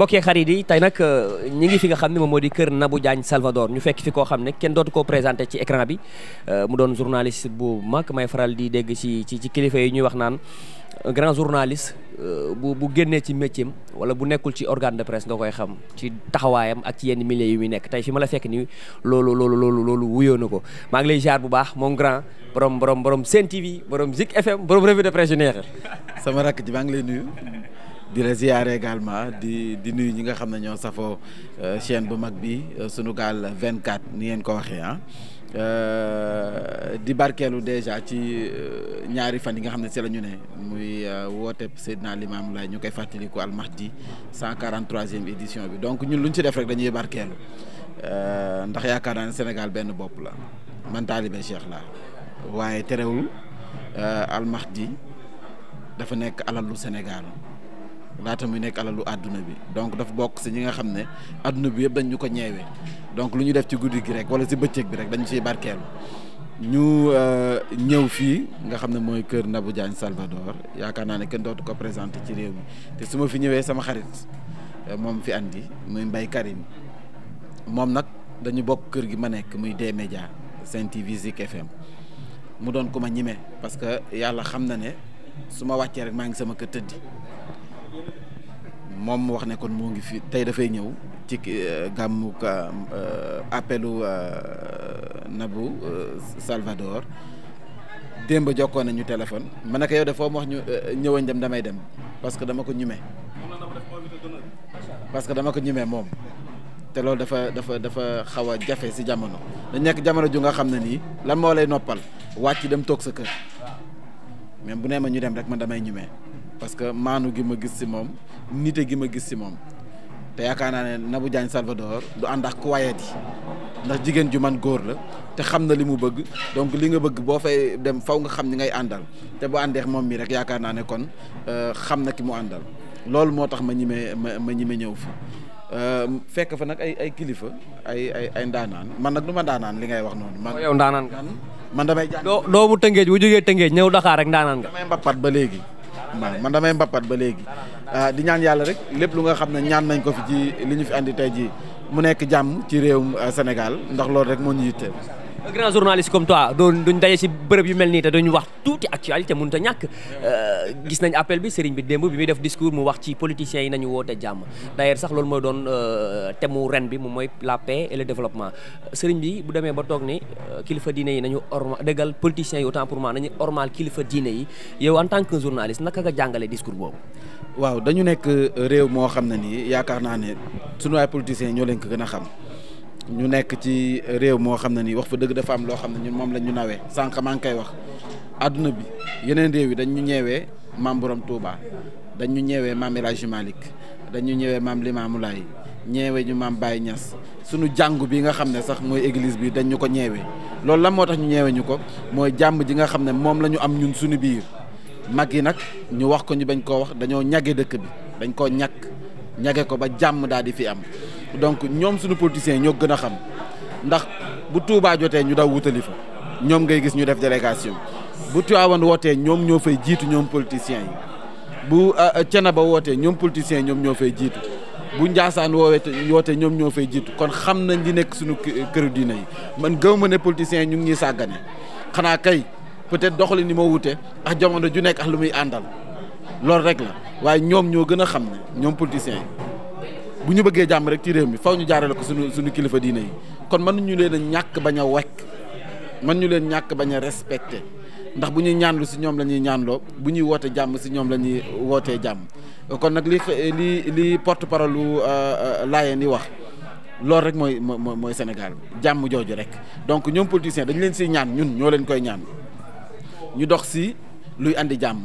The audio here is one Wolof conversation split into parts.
bokkee xarit yi tey nag euh, ñi ngi fi nga xam ne moom moo di kër na Nabou Diagne Salvador ñu fekk fi ko xam ne kenn dootu koo présenté ci écran bi euh, mu doon journaliste bu mag faral di dégg ci ci ci kilifa yi ñuy wax naan un grand euh, bu bu génnee ci métier wala bu nekkul ci organe de presse nga koy xam ci taxawaayam ak ci yenn milieu yu muy nekk tey fi ma la fekk nii loolu loolu loolu loolu wuyoo na ko maa ngi lay jaar bu baax moom grand borom borom borom Sen TV borom Zik FM borom revue de presse yu neex sama rakk ji maa ngi lay nuyu. di la ziyaare également di di nuyu ñi nga xam ne ñoo safoo euh, chaîne bu mag bi euh, vingt 24 ni ngeen ko waxee ah euh, di barkeelu déjà ci ñaari fan yi nga xam ne si la ñu ne muy woote Seydina Limaamu Laay ñu koy fàttaliku Al Mahdi 143e édition bi donc ñun lu ñu ci def rek dañuy barkeelu ndax yaakaar naa ne Sénégal benn bopp la man taalibe Cheikh laa waaye terewul Al Mahdi dafa nekk alalu Sénégal. laata muy nekk alalu àdduna bi donc dafa bokk si ñi nga xam ne àdduna bi yëpp dañ ñu ko ñeewee donc lu ñu def ci guddi gi rek wala si bëccëg bi rek dañu ciy barkeelu ñu euh, ñëw fii nga xam ne mooy kër Nabou Diagne Salvador yaakaar naa ne kenn dootu ko présenté ci réew mi te su ma fi ñëwee sama xarit euh, moom fi andi muy Mbaye Karim moom nag dañu bokk kër gi ma nekk muy D-Média Sen TV Zik mu doon ku ma ñime parce que yàlla xam na ne su ma wàccee rek ngi sama kër moom mu wax ne kon moo ngi fi tey dafay ñëw ci euh, gàmmu euh, appelu euh, Nabou Salvador démb jokkoon nañu téléphone ma ne ko yow de foo mu wax ñu ñëwoon dem damay dem parce que dama ko ñume parce que dama ko ñume moom te loolu dafa dafa dafa xaw a jafe si jamono dañ nekk jamono ju nga xam ne nii lan moo lay noppal wàcc dem toog sa kër même bu nee ma ñu dem rek ma damay ñume parce que maanu gi ma gis si moom nite gi ma gis si moom te yaakaar naa ne Nabou Diagne Salvador du ànd ak kuwaayet ndax jigéen ju man góor la te xam na li mu bëgg donc li nga bëgg boo fay dem faw nga xam ni ngay àndal te bu àndeex moom mi rek yaakaar naa ne kon euh, xam na ki mu àndal loolu moo tax ma ñime ma ma ñime ñëw fi euh, fekk fa nag ay ay kilifa ay ay ay ndaanaan man nag du ma ndaanaan li ngay wax noonu. man yow ndaanaan nga man damay. doo doomu Tëngéej bu jógee Tëngéej ñëw Dakar rek ndaanaan nga. mbappat ba léegi. man damay mbappat ba léegi ah, di ñaan yàlla rek lépp lu nga xam ne ñaan nañ ko fi ci li ñu fi andi tey ji mu nekk jàmm ci réewum ah, Sénégal ndax loolu rek moo ñu yitteel Euh, grand journaliste comme toi doon duñ daje ci bërëb yu mel nii te duñ wax tuuti actualité mënut a ñàkk euh, gis nañ appel bi sëriñ bi démb bi muy def discours mu wax ci politiciens yi nañu woote jàmm d'ailleurs sax loolu doon euh, thème mu ren bi moom mooy la paix et bi bu demee ba toog ni kilifa diine yi nañu orma dëggal politiciens yi autant pour moi nañu ormal kilifa diine yi yow en tant que journaliste naka nga jàngalee discours boobu waaw dañu nekk réew moo xam ne nii yaakaar naa ne sunu ay politiciens ñoo leen ko gën a xam ñu nekk ci réew moo xam ne nii wax fa dëgg dafa am loo xam ne ñun moom lañu ñu nawee sànq maa ngi koy wax àdduna bi yeneen réew yi dañ ñu ñeewee maam Borom Touba dañ ñu ñeewee maam El Hadj Malick dañ ñu ñeewee maam Limamou Laye ñu maam Baye Niass suñu jàngu bi nga xam ne sax mooy église bi dañu ko ñeewee loolu la moo tax ñu ñeewee ñu ko mooy jàmm ji nga xam ne moom la ñu am ñun suñu biir mag yi nag ñu wax ko ñu bañ koo wax dañoo ñage dëkk bi dañ koo ñàkk ñage ko ba jàmm daal di fi am donc ñoom suñu politiciens ñoo gën a xam ndax bu Touba jotee ñu daw wutali fa ñoom ngay gis ñu def délégation bu Tivaouane wootee ñoom ñoo fay jiitu ñoom politiciens yi bu euh, euh, Thiénaba wootee ñoom politiciens ñoom ñoo fay jiitu bu Ndiassane woowee wootee ñoom ñoo fay jiitu kon xam nañ li nekk suñu këru yi man gëw ma ne politiciens ñu ngi ñuy sàggane xanaa kay peut-être doxali ni moo wute ak jamono ju nekk ak lu muy àndal loolu rek la waaye ñoom ñoo gën a xam ne ñoom politiciens bu ñu bëggee jàmm rek ci réew mi faw ñu jaarale ko suñu suñu kilifa diine yi kon mën ñu leen a ñàkk bañ a wekk mën ñu leen ñàkk bañ a respecté ndax bu ñuy ñaanlu si ñoom la ñuy ñaanloo bu ñuy woote jàmm si ñoom la ñuy wootee jàmm kon nag li li li porte parole lu euh, euh, Laayeen yi wax loolu rek mooy mooy mooy Sénégal jàmm jooju rek donc ñoom politiciens dañ leen si ñaan ñun ñoo leen koy ñaan ñu dox si luy andi jàmm.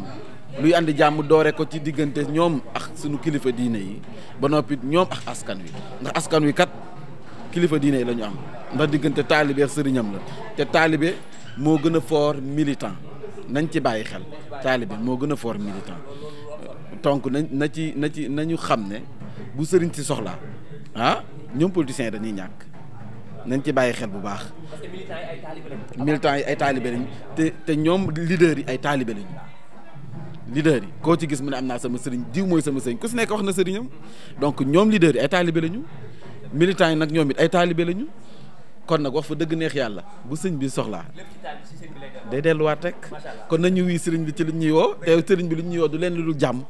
luy andi jàmm doore ko ci diggante ñoom ak suñu kilifa diine yi ba noppi ñoom ak askan wi ndax askan wi kat kilifa diine yi la am ndax diggante taalibe ak sëriñam la te taalibe moo gën a foor militant nañ ci bàyyi xel taalibe moo gën a foor militant donc nañ ci ci nañu xam ne bu sëriñ si soxlaa ah ñoom politiciens yi dañuy ñàkk nañ ci bàyyi xel bu baax militants yi ay taalibe lañ te te ñoom leaders yi ay taalibe lañu leader yi koo ci gis mu ne am naa sama sëriñ diw mooy sama sëriñ ku si nekk wax na sëriñam donc ñoom leader yi ay taalibe lañu militant yi nag ñoom it ay taalibe lañu kon nag wax fa dëgg neex yàlla bu sëñ bi soxlaa day delluwaat rek kon nañu wii sëriñ bi ci li ñuy woo te sëriñ bi li ñuy du leen lu jàmm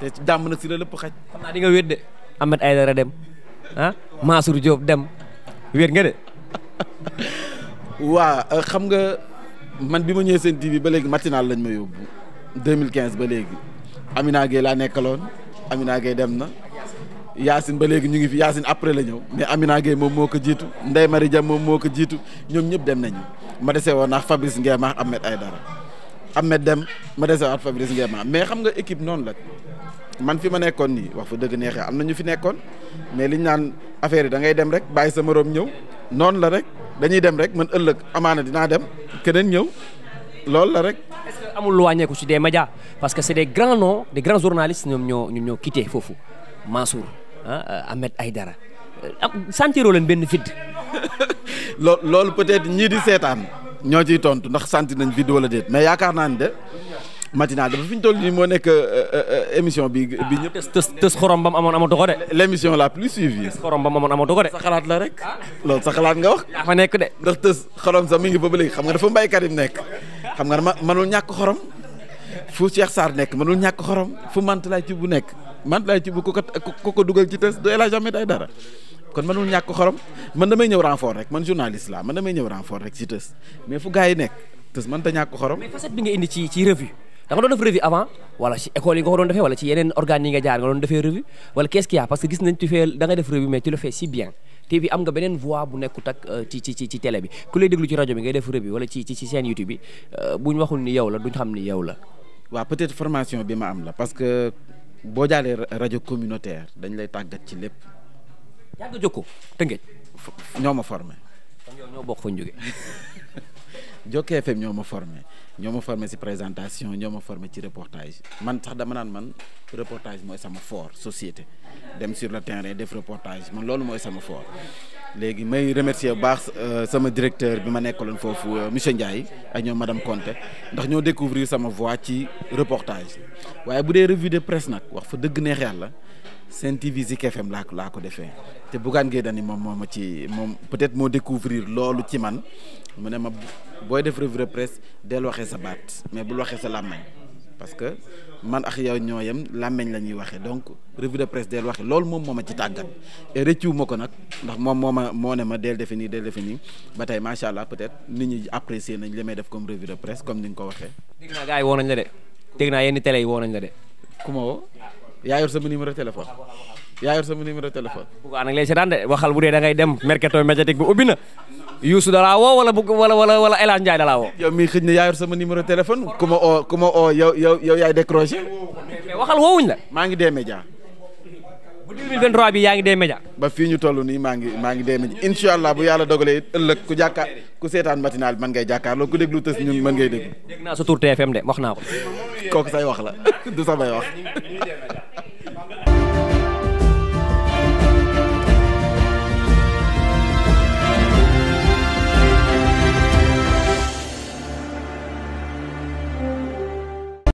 te jàmm nag si la lépp xaj xam naa di nga wéet de Ahmed Aïdara dem ah Mansour dem wéet nga de waa euh, xam nga man bi ma ñëwee seen TV ba léegi matinal lañ ma yóbbu 2015 ba léegi Amina Gueye laa nekkaloon Amina Gueye dem na Yacine ba léegi ñu ngi fi Yacine après la ñëw mais Amina Gueye moom moo ko jiitu Ndeye Marie Dia moom moo ko jiitu ñoom ñëpp dem nañu ma dese woon naax Fabrice Nguema ay Ahmed Aïdara Ahmed dem ma dese waat Fabrice Nguema mais xam nga équipe noonu la man fi ma nekkoon nii wax fa dëgg neexe am na ñu fi nekkoon mais liñ naan affaire yi da dem rek bàyyi sa ñëw noonu la rek dañuy dem rek man ëllëg amaana dinaa dem keneen ñëw loolu la rek. amul lu wàññeeku si des médias parce que c'est des grands noms des grands journalistes ñoom ñoo ñoom ñoo quitté foofu Mansour ah Ahmed Aïdara euh, sentiroo leen benn vide. loo loolu peut-être ñii di seetaan ñoo ciy tontu ndax sentir nañ vide wala déet mais yaakaar naa ni de matinal dafa fi toll nii moo nekk euh, émission bi bi ah, ñëpp. tës xorom ba mu amoon amatoo ko de. l'émission la plus suivie. tës xorom ba mu amoon amatoo de. sa xalaat la rek. Ah. loolu sa nga wax. yaa fa nekk de. ndax tës xorom sax mi nga dafa mbéykat yi nekk. xam nga ma mënul ñàkk xorom fu Cheikh Sarr nekk mënul ñàkk xorom fu Mantoulaye Thioub nekk Mantoulaye Thioub ko ko dugal ci tës du El Hadj Ahmed Aïdara kon mënul ñàkk xorom man damay ñëw renfort rek man journaliste la man damay ñëw renfort rek ci tës mais fu gars yi nekk tës mënta ñàkk xorom. mais facette bi nga indi ci ci revue da nga doon def revue avant wala ci école yi nga ko doon defee wala ci yeneen organes yi nga jaar nga doon defee revue wala qu'est-ce a parce que gis nañ tu fais da nga def revue mais tu le TV am nga beneen voix bu nekkut ak euh, ci ci ci ci télé bi ku lay déglu ci rajo bi ngay def revue wala ci ci ci YouTube bi euh, waxul ni yow la duñ xam ni yow la. waa peut-être formation bi ma am la parce que boo jaalee rajo communautaire dañ lay tàggat ci lépp. yàgg a jokkoo Tëngéej. ñoo ma formé. kon ñoo bokk fa ñu Jokko FM ñoo ma formé ñoo ma formé si présentation ñoo ma formé ci reportage man sax dama naan man reportage mooy sama fort société dem sur le terrain def reportage man loolu mooy sama fort léegi may remercier bu baax euh, sama directeur bi ma nekkaloon foofu euh, monsieur Ndiaye ak ñoom madame Conté ndax ñoo découvrir sama voix ci reportage waaye bu dee revue de presse nag wax fa dëgg neex yàlla Sen TV Zik FM laa ko ko defee te Bougane Gueye Dany moom moo ma ci moom peut-être moo découvrir loolu ci man mu ne ma booy def revue de presse del waxee sa baat mais bul waxee sa làmmañ parce que man ax yow ñoo yem làmmeñ la ñuy waxee donc revue de presse del waxe loolu moom moom ma ci tàggat et rëccu ma ko nag ndax moom moo ma moo ne ma del defe nii del defe nii ba tey macha allah peut-être ni ñu apprécier nañ li may def comme revue de presse comme ni nga ko waxee. dégg naa gars yi woo nañ la de dégg yaa yor sama numéro téléphone yaa yor sama numéro téléphone. Bougane nag lay seetaan de waxal bu dee da ngay dem mercato médiatique bi ubbi na Youssou dalaa woo wala bu wala wala wala El Hadj dalaa woo. yow mii xëj na yaa yor sama numéro téléphone ku ma yow yow yow yaay décroché. mais waxal woowuñ la. maa ngi dee média. bu bi yaa ngi dee média. ba fii ñu toll nii maa ngi maa ngi dee média incha allah bu yàlla dogalee it ëllëg ku jàkkaar ku seetaan matinal bi mën ngay jàkkaarloo ku déglu tës ñun mën ngay déglu. naa sa tur TFM de wax naa ko. kooku say wax la du samay wax.